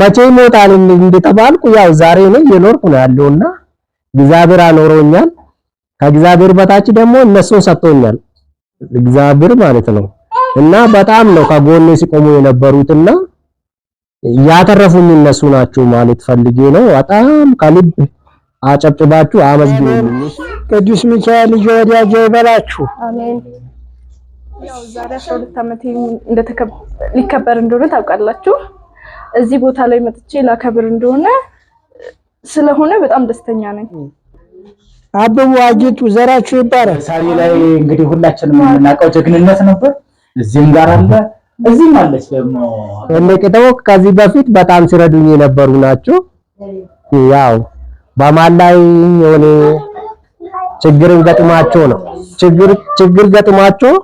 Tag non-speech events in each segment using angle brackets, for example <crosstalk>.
መቼ ይሞታል እንደተባልኩ ያው ዛሬ ነው እየኖርኩ ነው ያለውና እግዚአብሔር አኖሮኛል። ከእግዚአብሔር በታች ደግሞ እነሱ ሰጥቶኛል እግዚአብሔር ማለት ነው። እና በጣም ነው ከጎኔ ሲቆሙ የነበሩትና ያተረፉኝ እነሱ ናቸው ማለት ፈልጌ ነው። በጣም ከልብ አጨብጭባችሁ አመስግኑ። ቅዱስ ሚካኤል ወዳጄ ይበላችሁ። አሜን። ያው ዛሬ 12 ዓመት ሊከበር እንደሆነ ታውቃላችሁ። እዚህ ቦታ ላይ መጥቼ ላከብር እንደሆነ ስለሆነ በጣም ደስተኛ ነኝ። አብቡ አጊጡ ዘራችሁ ይባላል። ሳሪ ላይ እንግዲህ ሁላችንም የምናውቀው ጀግንነት ነበር። እዚህም ጋር አለ፣ እዚህም አለች ደግሞ እነቅጠው ከዚህ በፊት በጣም ሲረዱኝ የነበሩ ናቸው። ያው በማል ላይ የሆነ ችግርን ገጥማቸው ነው ችግር ችግር ገጥማቸው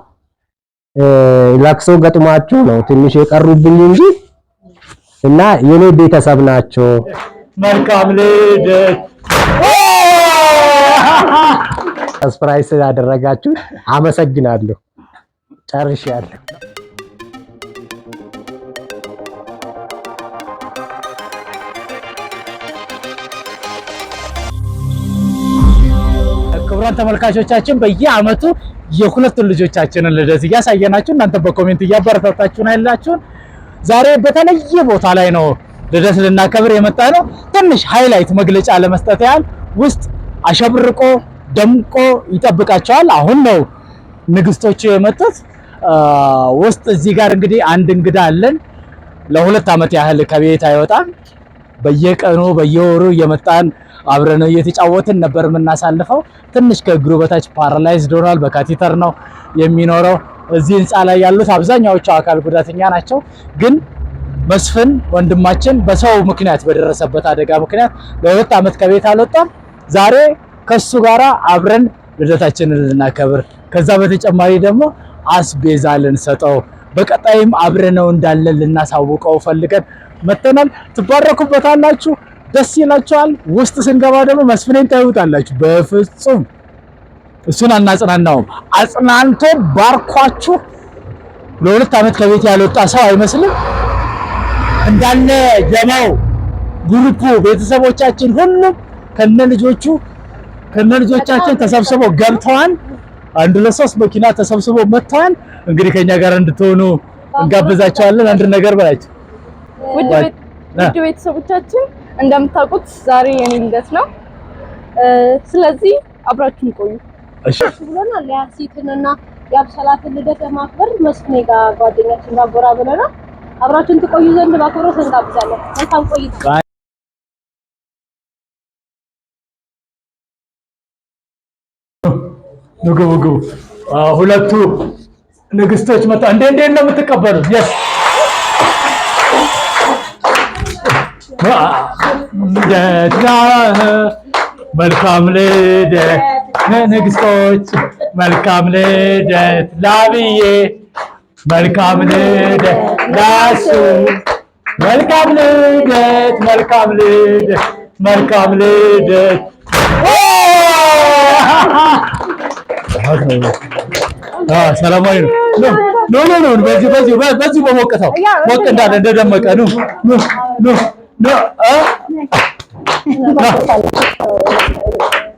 ለቅሶ ገጥማቸው ነው ትንሽ የቀሩብኝ እንጂ እና የኔ ቤተሰብ ናቸው። መልካም ልደት። ሰስፕራይዝ ስላደረጋችሁ አመሰግናለሁ። ጨርሻለሁ። ክቡራን ተመልካቾቻችን በየአመቱ የሁለቱን ልጆቻችንን ልደት እያሳየናችሁ እናንተ በኮሜንት እያበረታታችሁን አይላችሁን ዛሬ በተለየ ቦታ ላይ ነው ልደት ልናከብር የመጣ ነው። ትንሽ ሃይላይት መግለጫ ለመስጠት ያህል ውስጥ አሸብርቆ ደምቆ ይጠብቃቸዋል። አሁን ነው ንግስቶቹ የመጡት። ውስጥ እዚህ ጋር እንግዲህ አንድ እንግዳ አለን። ለሁለት ዓመት ያህል ከቤት አይወጣም። በየቀኑ በየወሩ እየመጣን አብረን እየተጫወትን ነበር የምናሳልፈው። ትንሽ ከእግሩ በታች ፓራላይዝድ ሆኗል። በካቴተር ነው የሚኖረው። እዚህ ህንፃ ላይ ያሉት አብዛኛዎቹ አካል ጉዳተኛ ናቸው። ግን መስፍን ወንድማችን በሰው ምክንያት በደረሰበት አደጋ ምክንያት ለሁለት ዓመት ከቤት አልወጣም። ዛሬ ከሱ ጋር አብረን ልደታችንን ልናከብር ከዛ በተጨማሪ ደግሞ አስቤዛ ልንሰጠው በቀጣይም አብረነው እንዳለን ልናሳውቀው ፈልገን መተናል። ትባረኩበታላችሁ፣ ደስ ይላችኋል። ውስጥ ስንገባ ደግሞ መስፍኔን ታዩታላችሁ። በፍጹም እሱን አናጽናናውም። አጽናንቶ ባርኳችሁ ለሁለት ዓመት ከቤት ያልወጣ ሰው አይመስልም። እንዳለ ጀማው ግሩፑ፣ ቤተሰቦቻችን ሁሉም ከነ ልጆቹ ከነ ልጆቻችን ተሰብስበው ገብተዋል። አንድ ለሶስት መኪና ተሰብስቦ መጥተዋል። እንግዲህ ከኛ ጋር እንድትሆኑ እንጋብዛቸዋለን። አንድ ነገር በላቸው። ውድ ቤተሰቦቻችን እንደምታውቁት ዛሬ የኔ ልደት ነው። ስለዚህ አብራችሁን ቆዩ። እሺ ብለናል። ያሲትንና የአብሰላትን ልደት ለማክበር መስፍኔ ጋር ጓደኛችን ጋር ጎራ ብለናል። አብራችን ትቆዩ ዘንድ በአክብሮት እንጋብዛለን። መልካም ቆይታ። ግቡ ግቡ። ሁለቱ ንግስቶች መጣ። እንዴ እንዴ ነው የምትቀበሉ? የስ መልካም ልደት ንግሥቶች መልካም ልደት ላብዬ መልካም ልደት ላሱ መልካም ልደት መልካም ልደት መልካም ልደት ሰላማዊ ነው። ኖ ኖ በዚህ በዚህ በዚህ በሞቀታው ሞቅ እንዳለ እንደደመቀ ኑ ኑ ኑ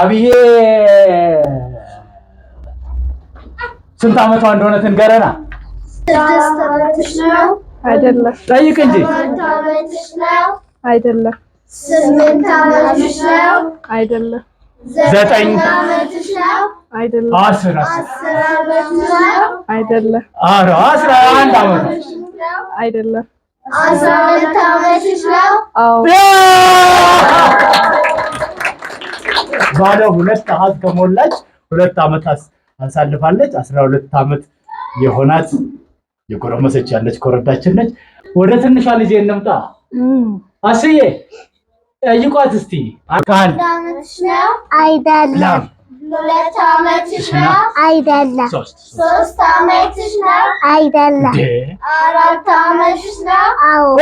አብዬ ስንት ዓመቷ እንደሆነ ትንገረና። አይደለም ጠይቅ እንጂ አይደለም። ስምንት ዓመትሽ ነው? አይደለም። ዘጠኝ ዓመትሽ ነው? አይደለም። አስር ዓመትሽ አይደለም። አስራ አንድ ዓመትሽ አይደለም። አስራ ሁለት ዓመትሽ ነው? አዎ ባለ ሁለት አሃዝ ከሞላች ሁለት ዓመት አሳልፋለች። አስራ ሁለት ዓመት የሆናት የጎረመሰች ያለች ኮረዳችን ነች። ወደ ትንሿ ልጄ እንምጣ። አስዬ ጠይቋት እስቲ አካል አይደለም ሁለት ዓመትሽ ነው አይደለም፣ ሶስት ዓመትሽ ነው አይደለም፣ አራት ዓመትሽ ነው። አዎ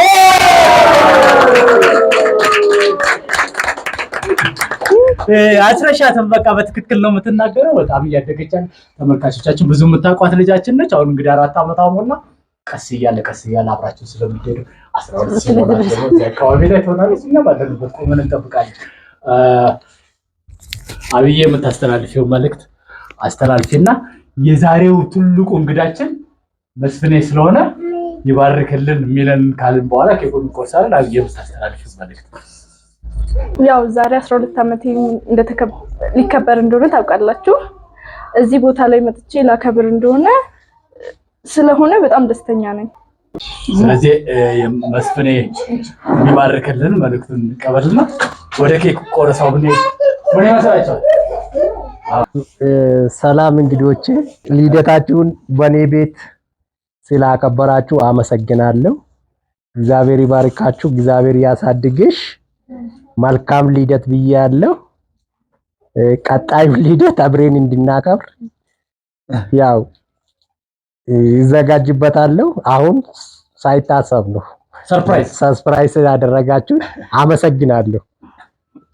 አስረሻትም በቃ በትክክል ነው የምትናገረው። በጣም እያደገቻል። ተመልካቾቻችን ብዙ የምታውቋት ልጃችን ነች። አሁን እንግዲህ አራት ዓመት ሞላ። ቀስ እያለ ቀስ እያለ አብራችን ስለምትሄዱ አስራ ሁለት ሲሞላ አካባቢ ላይ ትሆናለች። እኛ ባለንበት ቆመን እንጠብቃለን። አብዬ የምታስተላልፊው መልእክት አስተላልፊና የዛሬው ትልቁ እንግዳችን መስፍኔ ስለሆነ ይባርክልን የሚለን ካልን በኋላ ኬኩን እንቆርሳለን። አብዬ የምታስተላልፊው መልእክት ያው ዛሬ አስራ ሁለት ዓመቴ ሊከበር እንደሆነ ታውቃላችሁ። እዚህ ቦታ ላይ መጥቼ ላከብር እንደሆነ ስለሆነ በጣም ደስተኛ ነኝ። ስለዚህ መስፍኔ የሚባርክልን መልእክቱን እንቀበልና ወደ ኬክ ቆረሳው ብኔ ምን ይመስላችኋል? ሰላም እንግዶቼ፣ ልደታችሁን በእኔ ቤት ስላከበራችሁ አመሰግናለሁ። እግዚአብሔር ይባርካችሁ። እግዚአብሔር ያሳድግሽ። መልካም ልደት ብያለሁ። ቀጣዩ <laughs> ልደት አብሬን እንድናከብር ያው ይዘጋጅበታለሁ። አሁን ሳይታሰብ ነው ሰርፕራይዝ ሰርፕራይዝ ስላደረጋችሁ አመሰግናለሁ።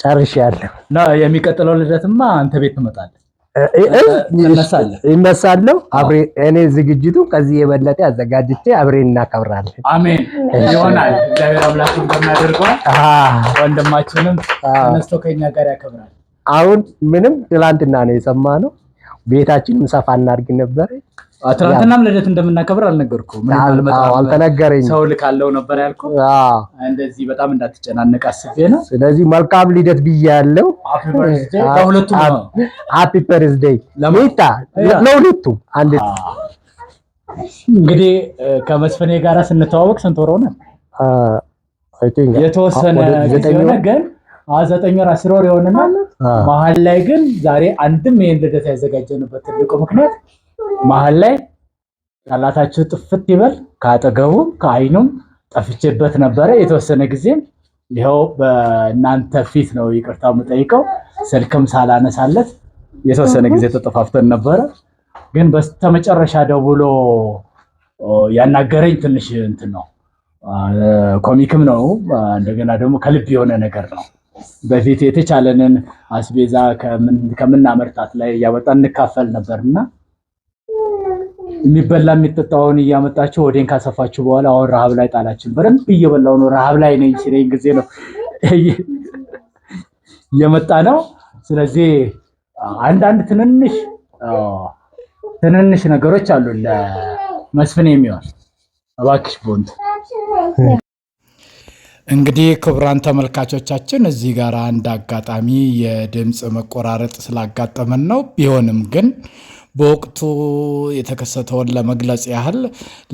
ጨርሻለሁ። የሚቀጥለው ልደትማ አንተ ቤት ትመጣለህ። ይነሳለሁ አብሬ እኔ ዝግጅቱ ከዚህ የበለጠ አዘጋጅቼ አብሬ እናከብራለን። አሜን ይሆናል። እግዚአብሔር አምላክ እንደሚያደርገዋል። ወንድማችንም ተነስቶ ከኛ ጋር ያከብራል። አሁን ምንም ትላንትና ነው የሰማነው። ቤታችን ሰፋ እናድርግ ነበር ትናንትናም ልደት እንደምናከብር አልነገርኩም። አልተነገረኝ ሰው ልካለው ነበር ያልኩ እንደዚህ በጣም እንዳትጨናነቅ አስቤ ነው። ስለዚህ መልካም ልደት ብዬ ያለው ከሁለቱም ሃፒ ፐርስደይ ለሚታ ለሁለቱም። አንድ እንግዲህ ከመስፍኔ ጋር ስንተዋወቅ ስንት ወር ሆነ? የተወሰነ ሆነ ግን ዘጠኝ ወር አስር ወር የሆነናል። መሀል ላይ ግን ዛሬ አንድም ይህን ልደት ያዘጋጀንበት ትልቁ ምክንያት መሀል ላይ ጠላታችሁ ጥፍት ይበል። ከአጠገቡ ከአይኑም ጠፍቼበት ነበረ የተወሰነ ጊዜ። ይኸው በእናንተ ፊት ነው ይቅርታ የምጠይቀው። ስልክም ሳላነሳለት የተወሰነ ጊዜ ተጠፋፍተን ነበረ። ግን በስተመጨረሻ ደውሎ ያናገረኝ ትንሽ እንትን ነው፣ ኮሚክም ነው። እንደገና ደግሞ ከልብ የሆነ ነገር ነው። በፊት የተቻለንን አስቤዛ ከምናመርታት ላይ እያወጣን እንካፈል ነበርና የሚበላ የሚጠጣውን እያመጣችሁ ወዴን ካሰፋችሁ በኋላ አሁን ረሃብ ላይ ጣላችን። በደንብ እየበላው ነው ረሃብ ላይ ነኝ ሲለኝ ጊዜ ነው እየመጣ ነው። ስለዚህ አንዳንድ ትንንሽ ትንንሽ ነገሮች አሉ ለመስፍን የሚሆን እባክሽ ቦንት እንግዲህ ክቡራን ተመልካቾቻችን እዚህ ጋር አንድ አጋጣሚ የድምፅ መቆራረጥ ስላጋጠመን ነው ቢሆንም ግን በወቅቱ የተከሰተውን ለመግለጽ ያህል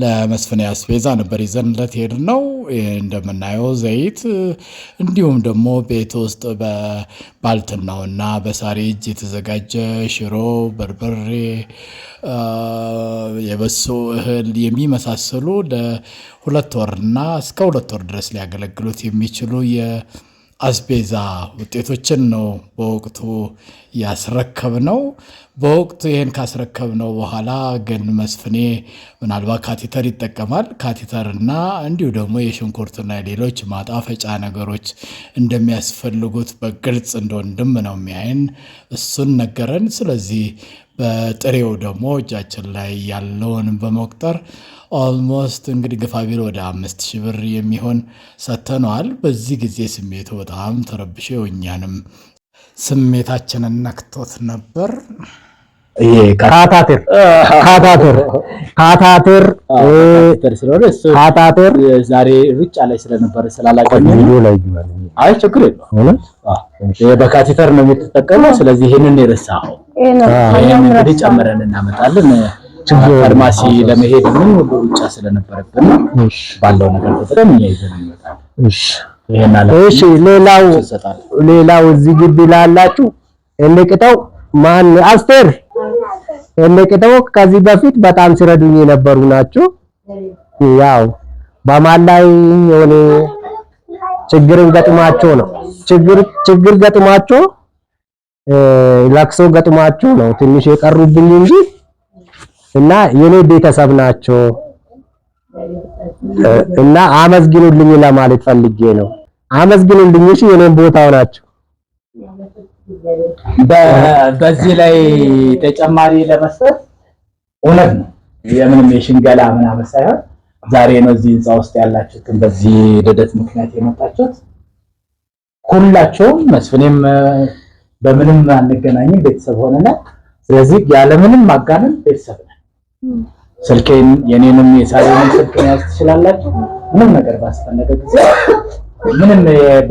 ለመስፍን ያስቤዛ ነበር ይዘንለት ሄድ ነው እንደምናየው ዘይት፣ እንዲሁም ደግሞ ቤት ውስጥ እና በሳሪ እጅ የተዘጋጀ ሽሮ፣ በርበሬ፣ የበሶ እህል የሚመሳሰሉ ለሁለት ወርና እስከ ሁለት ወር ድረስ ሊያገለግሉት የሚችሉ አስቤዛ ውጤቶችን ነው በወቅቱ ያስረከብ ነው። በወቅቱ ይህን ካስረከብ ነው በኋላ ግን መስፍኔ ምናልባት ካቴተር ይጠቀማል። ካቴተር እና እንዲሁ ደግሞ የሽንኩርትና ሌሎች ማጣፈጫ ነገሮች እንደሚያስፈልጉት በግልጽ እንደወንድም ነው የሚያይን፣ እሱን ነገረን። ስለዚህ በጥሬው ደግሞ እጃችን ላይ ያለውን በመቁጠር ኦልሞስት እንግዲህ ግፋ ቢል ወደ አምስት ሺህ ብር የሚሆን ሰተነዋል። በዚህ ጊዜ ስሜቱ በጣም ተረብሾ እኛንም ስሜታችንን ነክቶት ነበር። ካታትር ካታትር ካታትር ዛሬ ሩጫ ላይ ስለነበረ ስላላገኘ ችግር የለውም። በካቴተር ነው የምትጠቀመው። ስለዚህ ይህንን የረሳኸው እንግዲህ ጨምረን እናመጣለን። አድማሲ ለመሄድ ምን ውጫ ስለነበረብን ባለው ነገር ይዘን እንመጣለን። እሺ፣ ሌላው ሌላው እዚህ ግቢ ላላችሁ እንቅጠው ማን አስቴር እንቅጠው ከዚህ በፊት በጣም ሲረዱኝ የነበሩ ናቸው። ያው በማን ላይ የሆነ ችግርን ገጥማቸው ነው ችግር ችግር ገጥማቸው ለቅሶ ገጥሟቸው ነው ትንሽ የቀሩብኝ እንጂ እና የኔ ቤተሰብ ናቸው እና አመዝግኑልኝ ለማለት ፈልጌ ነው። አመዝግኑልኝ እሺ፣ የኔም ቦታው ናቸው። በዚህ ላይ ተጨማሪ ለመስጠት እውነት ነው የምንም የሽንገላ ምናምን ሳይሆን ዛሬ ነው እዚህ ህንፃ ውስጥ ያላችሁትን በዚህ ልደት ምክንያት የመጣችሁት ሁላችሁም መስፍኔም በምንም አንገናኝም ቤተሰብ ሆነና ስለዚህ ያለምንም ማጋነን ቤተሰብ ነን። ስልኬን የኔንም የሳሌንም ስልክ መያዝ ትችላላችሁ። ምንም ነገር ባስፈለገ ጊዜ ምንም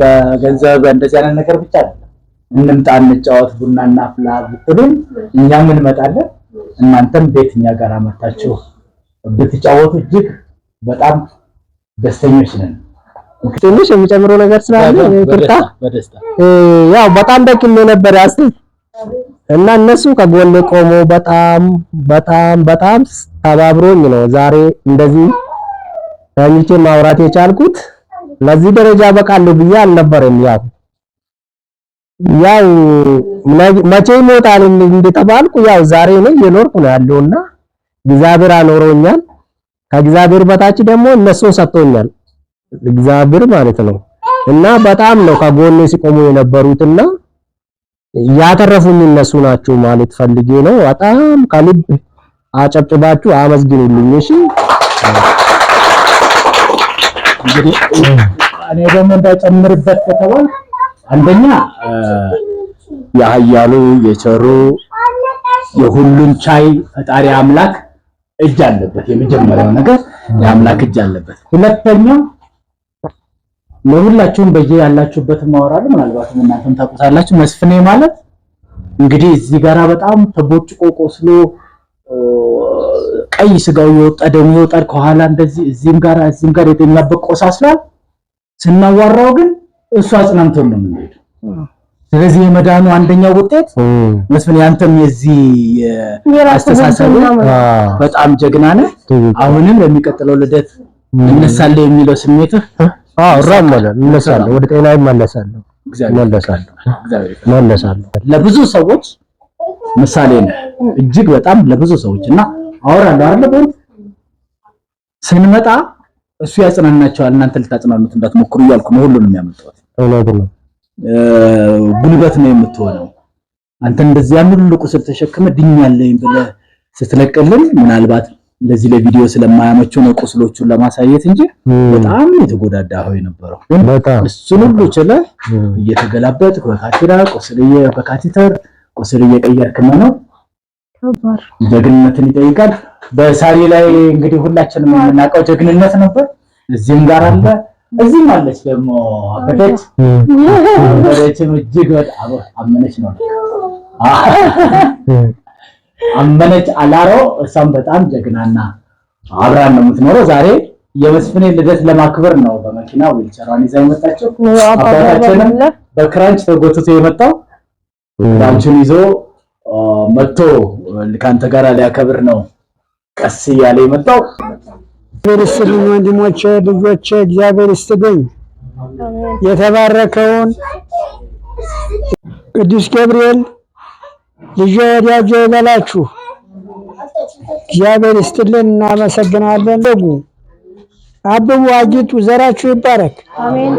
በገንዘብ እንደዚህ አይነት ነገር ብቻ አይደለም። እንምጣ እንጫወት፣ ቡና እናፍላ ብትሉን እኛም እንመጣለን። እናንተም ቤት እኛ ጋር መታችሁ ብትጫወቱ እጅግ በጣም ደስተኞች ነን። ትንሽ የሚጨምረው ነገር ስላለ ይቅርታ። ያው በጣም ደክሜ ነበር ያስ እና እነሱ ከጎን ቆሞ በጣም በጣም በጣም ተባብሮኝ ነው ዛሬ እንደዚህ ተኝቼ ማውራት የቻልኩት። ለዚህ ደረጃ በቃለሁ ብዬ አልነበረም። ያው ያው መቼ ይሞታል እንደተባልኩ ያው ዛሬ ነው እየኖርኩ ነው ያለውና እግዚአብሔር አኖሮኛል። ከእግዚአብሔር በታች ደግሞ እነሱ ሰጥቶኛል። እግዚአብሔር ማለት ነው። እና በጣም ነው ከጎኔ ሲቆሙ የነበሩትና ያተረፉኝ እነሱ ናቸው ማለት ፈልጌ ነው። በጣም ከልብ አጨብጭባችሁ አመስግኑልኝ። እሺ እንግዲህ እኔ ደግሞ ከተባል አንደኛ የኃያሉ የቸሩ የሁሉን ቻይ ፈጣሪ አምላክ እጅ አለበት። የመጀመሪያው ነገር የአምላክ እጅ አለበት። ሁለተኛው ለሁላችሁም በየ ያላችሁበት ማወራሉ ምናልባት እናንተም ታውቁታላችሁ። መስፍኔ ማለት እንግዲህ እዚህ ጋራ በጣም ተቦጭቆ ቆስሎ ቀይ ስጋው የወጣ ደም የወጣል ከኋላ እንደዚህ እዚህም ጋራ እዚህም ጋር የተኛበት ቆሳስሏል። ስናዋራው ግን እሱ አጽናንቶን ነው የምንሄደው። ስለዚህ የመዳኑ አንደኛው ውጤት መስፍን ያንተም የዚህ አስተሳሰብ በጣም ጀግና ነህ። አሁንም ለሚቀጥለው ልደት እነሳለሁ የሚለው ስሜትህ አዎ እራመዳለሁ፣ እመለሳለሁ፣ ወደ ጤናዬ እመለሳለሁ፣ እመለሳለሁ። ለብዙ ሰዎች ምሳሌ ነው፣ እጅግ በጣም ለብዙ ሰዎች እና አወራለሁ አይደል? ስንመጣ እሱ ያጽናናቸዋል፣ እናንተ ልታጽናኑት እንዳትሞክሩ እያልኩ ነው። ሁሉንም ያመጣሁት ጉልበት ነው የምትሆነው አንተ እንደዚህ ያን ሁሉ ቁስል ተሸክመህ ድኛለኝ ብለህ ስትለቅልን ምናልባት ለዚህ ለቪዲዮ ስለማያመቹ ነው ቁስሎቹን ለማሳየት እንጂ በጣም የተጎዳዳ ሆይ ነበረው። እሱን ሁሉ ችለ እየተገላበጥ በካቴራ ቁስል በካቴተር ቁስል እየቀየርክመ ነው። ጀግንነትን ይጠይቃል። በሳሪ ላይ እንግዲህ ሁላችንም የምናውቀው ጀግንነት ነበር። እዚህም ጋር አለ፣ እዚህም አለች ደግሞ አከተች ወደችም እጅግ በጣም አመነች ነው አመነች አላሮ እሷም በጣም ጀግናና አብራን ነው የምትኖረው። ዛሬ የመስፍኔ ልደት ለማክበር ነው በመኪና ዊልቸሯን ይዛ የመጣችው። አባታችንም በክራንች ተጎትቶ የመጣው ክራንቹን ይዞ መጥቶ ከአንተ ጋር ሊያከብር ነው ቀስ እያለ የመጣው። እግዚአብሔር ይስጥልኝ ወንድሞቼ፣ ልጆቼ እግዚአብሔር ይስጥልኝ። የተባረከውን ቅዱስ ገብርኤል ልጅ ወዳጄ ይበላችሁ። እግዚአብሔር ይስጥልን፣ እናመሰግናለን። ደጉ አብቡ፣ አጊጡ፣ ዘራችሁ ይባረክ። አሜን።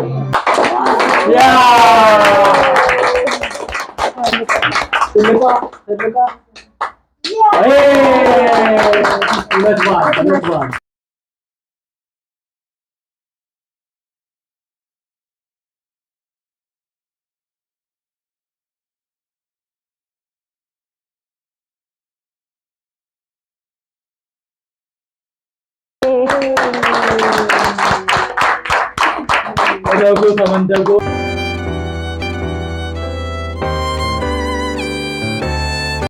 undergo